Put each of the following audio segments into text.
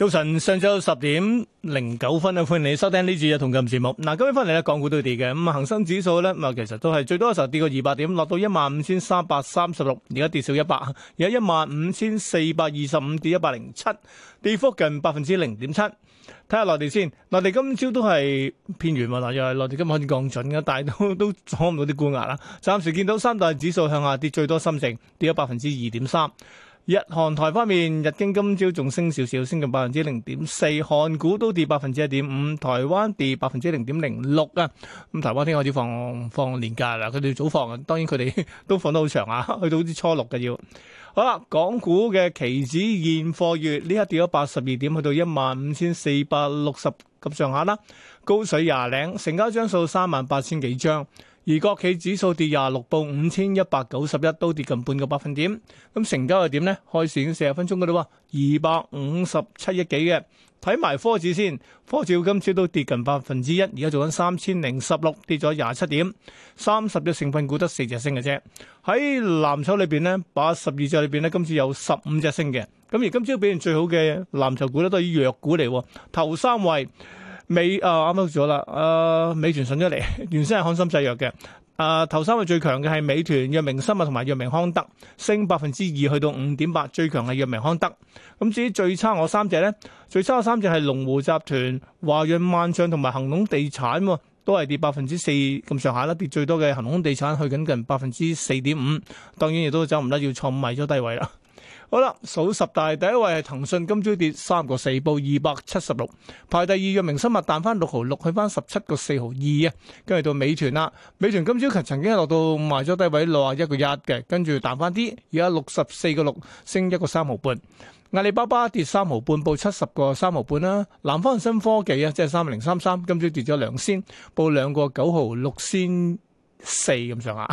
早晨，上晝十點零九分啊，歡迎你收聽呢節嘅同金節目。嗱，今日翻嚟咧，港股都跌嘅，咁啊，恒生指數咧，咪其實都係最多嘅時候跌過二百點，落到一萬五千三百三十六，而家跌少一百，而家一萬五千四百二十五跌一百零七，跌幅近百分之零點七。睇下內地先，內地今朝都係偏軟嘛，又係內地今日開始降準嘅，但係都都阻唔到啲沽壓啦。暫時見到三大指數向下跌，最多深成跌咗百分之二點三。日、韓、台方面，日經今朝仲升少少，升近百分之零點四，韓股都跌百分之一點五，台灣跌百分之零點零六啊。咁台灣天開始放放年假啦，佢哋早放，當然佢哋都放得好長啊，去到好似初六嘅要。好啦，港股嘅期指現貨月呢一刻跌咗八十二點，去到一萬五千四百六十咁上下啦，高水廿零，成交張數三萬八千幾張。而國企指數跌廿六，到五千一百九十一，都跌近半個百分點。咁成交又點咧？開市已經四十分鐘嘅啫，二百五十七億幾嘅。睇埋科指先，科指今朝都跌近百分之一，而家做緊三千零十六，跌咗廿七點。三十隻成分股得四隻升嘅啫。喺藍籌裏邊咧，八十二隻裏邊咧，今朝有十五隻升嘅。咁而今朝表現最好嘅藍籌股咧，都係啲藥股嚟。頭三位。美啊，啱啱做咗啦！啊、呃，美團上咗嚟，原先係康心製藥嘅。啊、呃，頭三位最強嘅係美團、藥明生物同埋藥明康德，升百分之二去到五點八，最強係藥明康德。咁至於最差我三隻咧，最差我三隻係龍湖集團、華潤萬象同埋恒隆地產喎，都係跌百分之四咁上下啦，跌最多嘅恒隆地產去緊近百分之四點五，當然亦都走唔甩，要創埋咗低位啦。好啦，數十大，第一位係騰訊，今朝跌三個四報，二百七十六，排第二，藥明生物彈翻六毫六，去翻十七個四毫二啊，跟住到美團啦，美團今朝曾經落到埋咗低位六十一個一嘅，跟住彈翻啲，而家六十四個六，升一個三毫半，阿里巴巴跌三毫半，報七十個三毫半啦，南方新科技啊，即係三零三三，今朝跌咗兩仙，報兩個九毫六仙。四咁上下，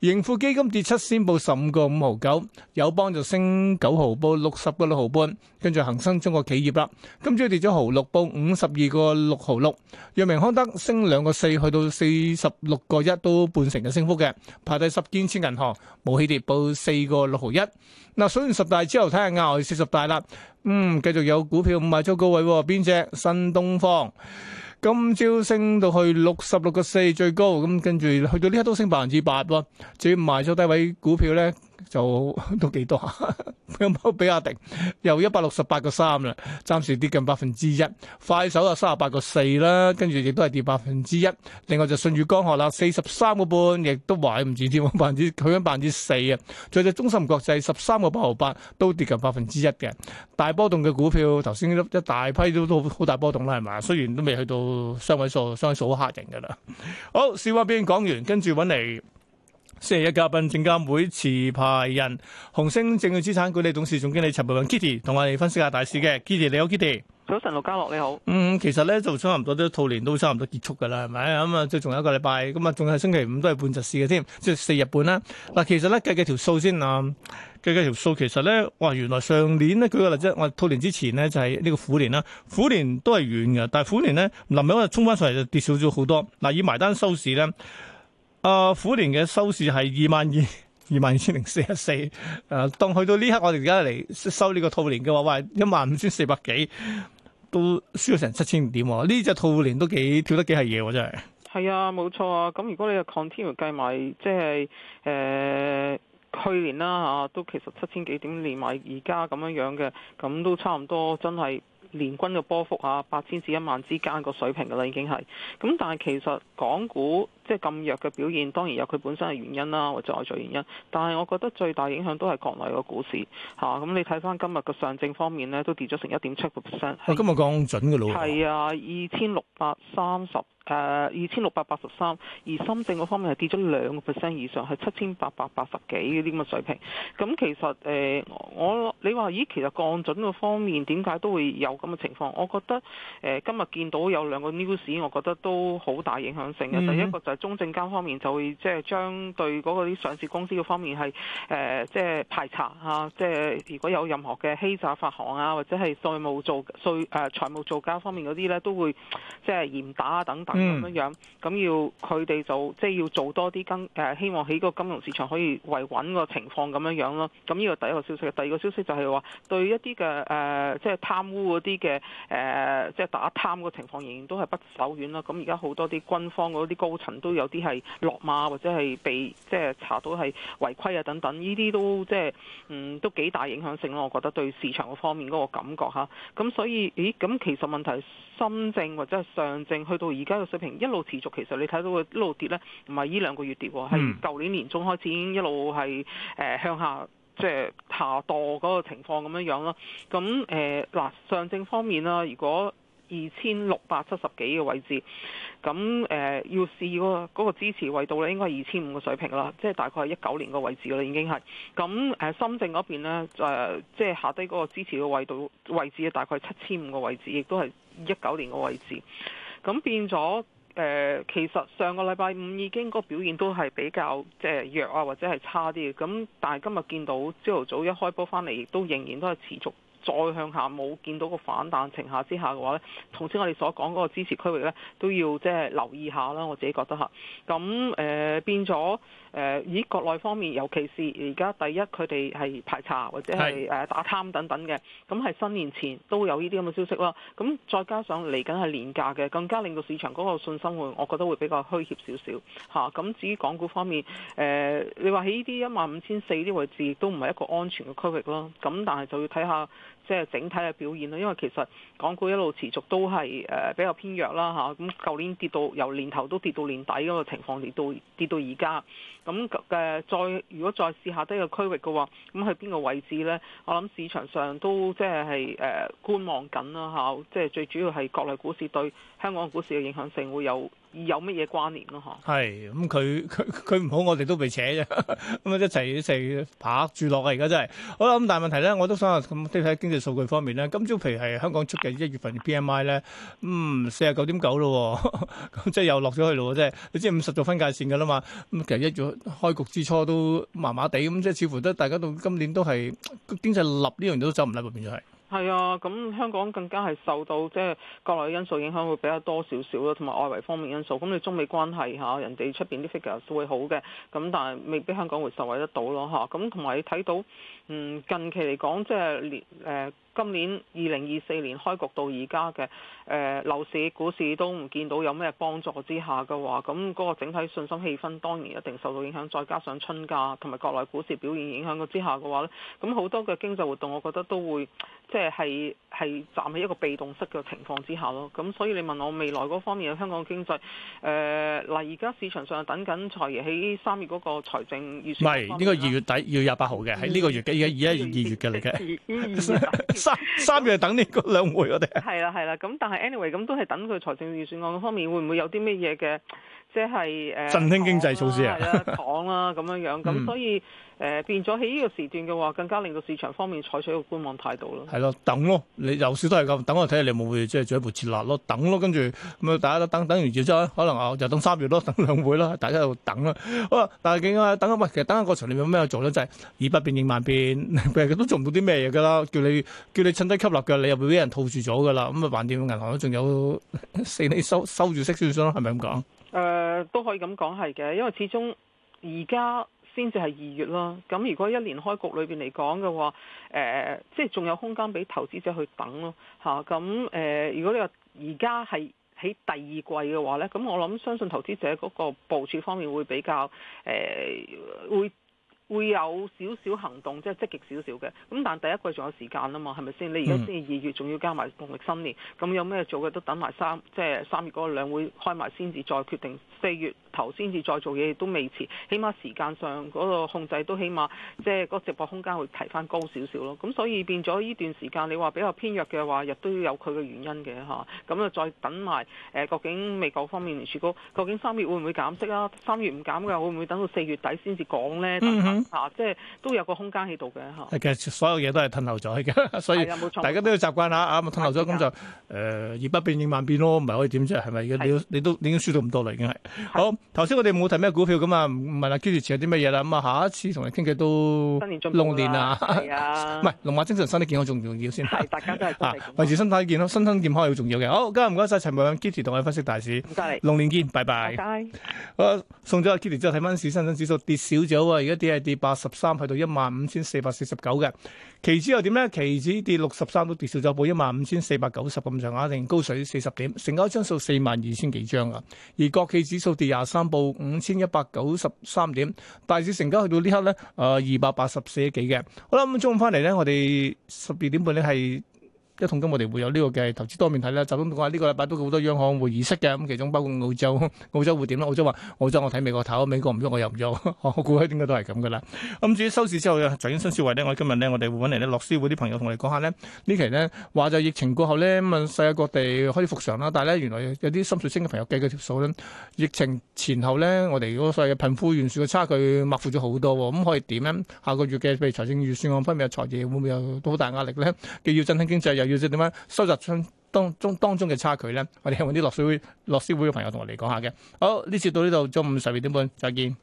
盈富基金跌七仙報十五個五毫九，友邦就升九毫報六十個六毫半，跟住恒生中國企業啦，今朝跌咗毫六報五十二個六毫六，藥明康德升兩個四去到四十六個一，都半成嘅升幅嘅，排第十建設銀行無起跌報四個六毫一。嗱，數完十大之後睇下亞外四十大啦，嗯，繼續有股票唔係租高位，邊、哦、隻新東方？今朝升到去六十六個四最高，咁跟住去到呢一刻都升百分之八喎，至於賣咗低位股票咧。就都幾多？比亞迪，又一百六十八個三啦，暫時跌近百分之一。快手啊，三十八個四啦，跟住亦都係跌百分之一。另外就舜宇光學啦，四十三個半，亦都壞唔止啲，百分之佢響百分之四啊。最就中芯國際十三個八毫八，都跌近百分之一嘅大波動嘅股票。頭先一大批都都好大波動啦，係嘛？雖然都未去到雙位數，雙位數好嚇人㗎啦。好，笑話邊講完，跟住揾嚟。星期一嘉賓，證監會持牌人、紅星證券資產管理董事總經理陳蓓敏 Kitty，同我哋分析下大市嘅。Kitty 你好，Kitty。Store, 早晨，陸家樂你好。嗯，其實咧就差唔多都兔年都差唔多結束噶啦，係咪？咁、嗯、啊，即仲有一個禮拜，咁啊，仲係星期五、嗯、都係半日市嘅添，即係四日半啦。嗱，其實咧計計條數先啊，計計條數，其實咧哇，原來上年咧舉、那個例子，我兔年之前呢，就係、是、呢個虎年啦，虎年都係軟嘅，但係虎年呢，臨尾啊衝翻上嚟就跌少咗好多。嗱，以埋單收市咧。啊，虎、呃、年嘅收市係二萬二二萬二千零四一四。誒，當去到呢刻，我哋而家嚟，收呢個兔年嘅話，喂，一萬五千四百幾都輸咗成七千點。呢隻兔年都幾跳得幾係嘢，真係。係啊，冇錯啊。咁如果你又 continue 計埋，即係誒去年啦、啊、吓、啊，都其實七千幾點連埋而家咁樣樣嘅，咁都差唔多，真係年均嘅波幅啊，八千至一萬之間個水平噶啦，已經係。咁但係其實港股。即係咁弱嘅表現，當然有佢本身嘅原因啦，或者外在原因。但係我覺得最大影響都係國內個股市嚇。咁、啊、你睇翻今日個上證方面呢，都跌咗成一點七個 percent。今日降準嘅咯。係啊，二千六百三十誒，二千六百八十三。而深證個方面係跌咗兩個 percent 以上，係七千八百八十幾呢啲咁嘅水平。咁其實誒、呃，我你話咦，其實降準個方面點解都會有咁嘅情況？我覺得誒、呃，今日見到有兩個 news，我覺得都好大影響性嘅。第一個就中證監方面就會即係將對嗰個啲上市公司嘅方面係誒即係排查吓，即係如果有任何嘅欺詐發行啊，或者係財務做財誒財務造假方面嗰啲咧，都會即係嚴打啊等等咁樣樣。咁、嗯、要佢哋做即係要做多啲金誒，希望喺個金融市場可以維穩個情況咁樣樣咯。咁呢個第一個消息，第二個消息就係話對一啲嘅誒即係貪污嗰啲嘅誒即係打貪個情況，仍然都係不手軟啦。咁而家好多啲軍方嗰啲高層。都有啲係落馬或者係被即係、就是、查到係違規啊等等，呢啲都即係、就是、嗯都幾大影響性咯。我覺得對市場嗰方面嗰個感覺嚇，咁所以咦咁其實問題深圳或者係上證去到而家嘅水平一路持續，其實你睇到佢一路跌咧，唔係呢兩個月跌，係舊年年中開始已經一路係誒、呃、向下即係、就是、下墮嗰個情況咁樣樣咯。咁誒嗱，上證方面啦，如果二千六百七十幾個位置，咁誒、呃、要試嗰、嗰個嗰個支持位度咧，應該係二千五個水平啦，即係大概一九年個位置啦，已經係。咁誒、啊、深圳嗰邊咧、呃，即係下低嗰個支持嘅位度位置咧，大概係七千五個位置，亦都係一九年個位置。咁變咗誒、呃，其實上個禮拜五已經個表現都係比較即係弱啊，或者係差啲嘅。咁但係今日見到朝頭早一開波翻嚟，亦都仍然都係持續。再向下冇見到個反彈情下之下嘅話呢，頭先我哋所講嗰個支持區域呢，都要即係留意下啦，我自己覺得嚇。咁誒、呃、變咗誒以國內方面，尤其是而家第一佢哋係排查或者係誒打貪等等嘅，咁係新年前都有呢啲咁嘅消息啦。咁再加上嚟緊係年假嘅，更加令到市場嗰個信心會，我覺得會比較虛怯少少嚇。咁、啊、至於港股方面，誒、呃、你話喺呢啲一萬五千四呢位置，都唔係一個安全嘅區域咯。咁但係就要睇下。即係整體嘅表現咯，因為其實港股一路持續都係誒比較偏弱啦嚇，咁舊年跌到由年頭都跌到年底嗰個情況，跌到跌到而家，咁嘅再如果再試下低個區域嘅話，咁去邊個位置呢？我諗市場上都即係係誒觀望緊啦嚇，即係最主要係國內股市對香港股市嘅影響性會有。有乜嘢關聯咯？嚇，係咁佢佢佢唔好，我哋都被扯啫。咁啊一齊一齊拍住落啊！而家真係好啦。咁但係問題咧，我都想咁睇下經濟數據方面咧。今朝譬如係香港出嘅一月份嘅 PMI 咧，嗯四十九點九咯，咁即係又落咗去咯，即係。你知五十做分界線㗎啦嘛？咁其實一早開局之初都麻麻地咁，即係似乎都大家到今年都係經濟立呢樣嘢都走唔甩㗎變咗係。係啊，咁香港更加係受到即係、就是、國內因素影響，會比較多少少咯，同埋外圍方面因素。咁你中美關係吓，人哋出邊啲 figure 會好嘅，咁但係未必香港會受惠得到咯吓，咁同埋你睇到，嗯近期嚟講，即係連誒。呃今年二零二四年開局到而家嘅，誒樓市股市都唔見到有咩幫助之下嘅話，咁嗰個整體信心氣氛當然一定受到影響。再加上春假同埋國內股市表現影響之下嘅話咧，咁好多嘅經濟活動，我覺得都會即係係。就是是係站喺一個被動式嘅情況之下咯，咁所以你問我未來嗰方面嘅香港經濟，誒嗱而家市場上等緊財爺喺三月嗰個財政預算，唔係呢個二月底要廿八號嘅，喺呢個月嘅而家二一月二月嘅嚟嘅， 三 三月等呢個兩會我哋，係啦係啦，咁但係 anyway 咁都係等佢財政預算案方面會唔會有啲咩嘢嘅？即係誒、呃、振興經濟措施啊，講啦咁樣樣，咁、 嗯、所以誒、呃、變咗喺呢個時段嘅話，更加令到市場方面採取一個觀望態度咯。係咯，等咯，你有少都係咁，等我睇下你有冇會即係做一步設立咯，等咯，跟住咁啊，大家都等等完之後，可能啊就等三月咯，等兩會咯，大家喺度等啦。好但係點啊？等啊，喂，其實等下個場你有咩做咧？就係、是、以不變應萬變，其 都做唔到啲咩嘢㗎啦。叫你叫你趁低吸納嘅，你又會俾人套住咗㗎啦。咁啊，橫掂銀行仲有 four，四年收收住息少少，係咪咁講？誒、呃。都可以咁講係嘅，因為始終而家先至係二月咯，咁如果一年開局裏邊嚟講嘅話，誒即係仲有空間俾投資者去等咯，嚇咁誒，如果你話而家係喺第二季嘅話呢，咁我諗相信投資者嗰個部署方面會比較誒、呃、會。會有少少行動，即係積極少少嘅。咁但係第一季仲有時間啊嘛，係咪先？你而家先至二月，仲要加埋農曆新年，咁有咩做嘅都等埋三，即係三月嗰個兩會開埋先至再決定四月。頭先至再做嘢，亦都未遲，起碼時間上嗰個控制都起碼即係、就是、個直播空間會提翻高少少咯。咁、嗯嗯嗯、所以變咗呢段時間，你話比較偏弱嘅話，亦都有佢嘅原因嘅嚇。咁、嗯、啊，再等埋誒、呃，究竟美國方面連住高，究竟三月會唔會減息啊？三月唔減嘅，會唔會等到四月底先至講咧？嚇，即係、嗯嗯啊就是、都有個空間喺度嘅嚇。嗯嗯嗯、其實所有嘢都係褪後咗嘅，所以大家都要習慣下啊！咪褪後咗咁就誒，以、嗯呃、不變應萬變咯，唔係可以點啫？係咪你你，的你，你，你，你都已經輸到唔多啦，已經係好。頭先我哋冇提咩股票咁啊，唔問啦。Kitty 有啲乜嘢啦？咁啊，下一次同你傾偈都六年啊，唔係龍馬精神，身體健康仲重要先。大家都係啊，維持身體健康，身心、 啊、健康係好 重要嘅。好，今日唔該曬陳蓓敏 Kitty 同我哋分析大市。唔該，龍年見，拜拜。拜拜送咗阿 Kitty，之後就睇翻市，恒生指數跌少咗啊，而家跌係跌八十三，去到一萬五千四百四十九嘅。期指又點呢？期指跌六十三都跌少咗，報一萬五千四百九十咁上下，定高水四十點。成交張數四萬二千幾張啊。而國企指數跌廿三。報五千一百九十三點，大市成交去到呢刻咧，誒二百八十四億幾嘅。好啦，咁中午翻嚟咧，我哋十二點半咧係。一桶金我哋會有呢、這個嘅投資多面睇啦。就咁講下，呢、這個禮拜都好多央行會議式嘅，咁其中包括澳洲，澳洲會點啦？澳洲話澳洲我睇美國頭，美國唔喐我又唔喐， 我估計點解都係咁噶啦。咁至於收市之後嘅財經新思維呢，我哋今日呢，我哋會揾嚟呢樂施會啲朋友同我哋講下呢。呢期呢話就疫情過後呢，咁啊世界各地可以復常啦。但係呢，原來有啲心水清嘅朋友計嗰條數呢，疫情前後呢，我哋嗰個所謂貧富懸殊嘅差距擴大咗好多，咁可以點呢？下個月嘅譬如財政預算案方面嘅財爺會唔會有好大壓力呢？既要振興經濟要知點樣收集中當中當中嘅差距咧，我哋希望啲落水會落市會嘅朋友同我哋講下嘅。好，呢次到呢度，中午十二點半再見。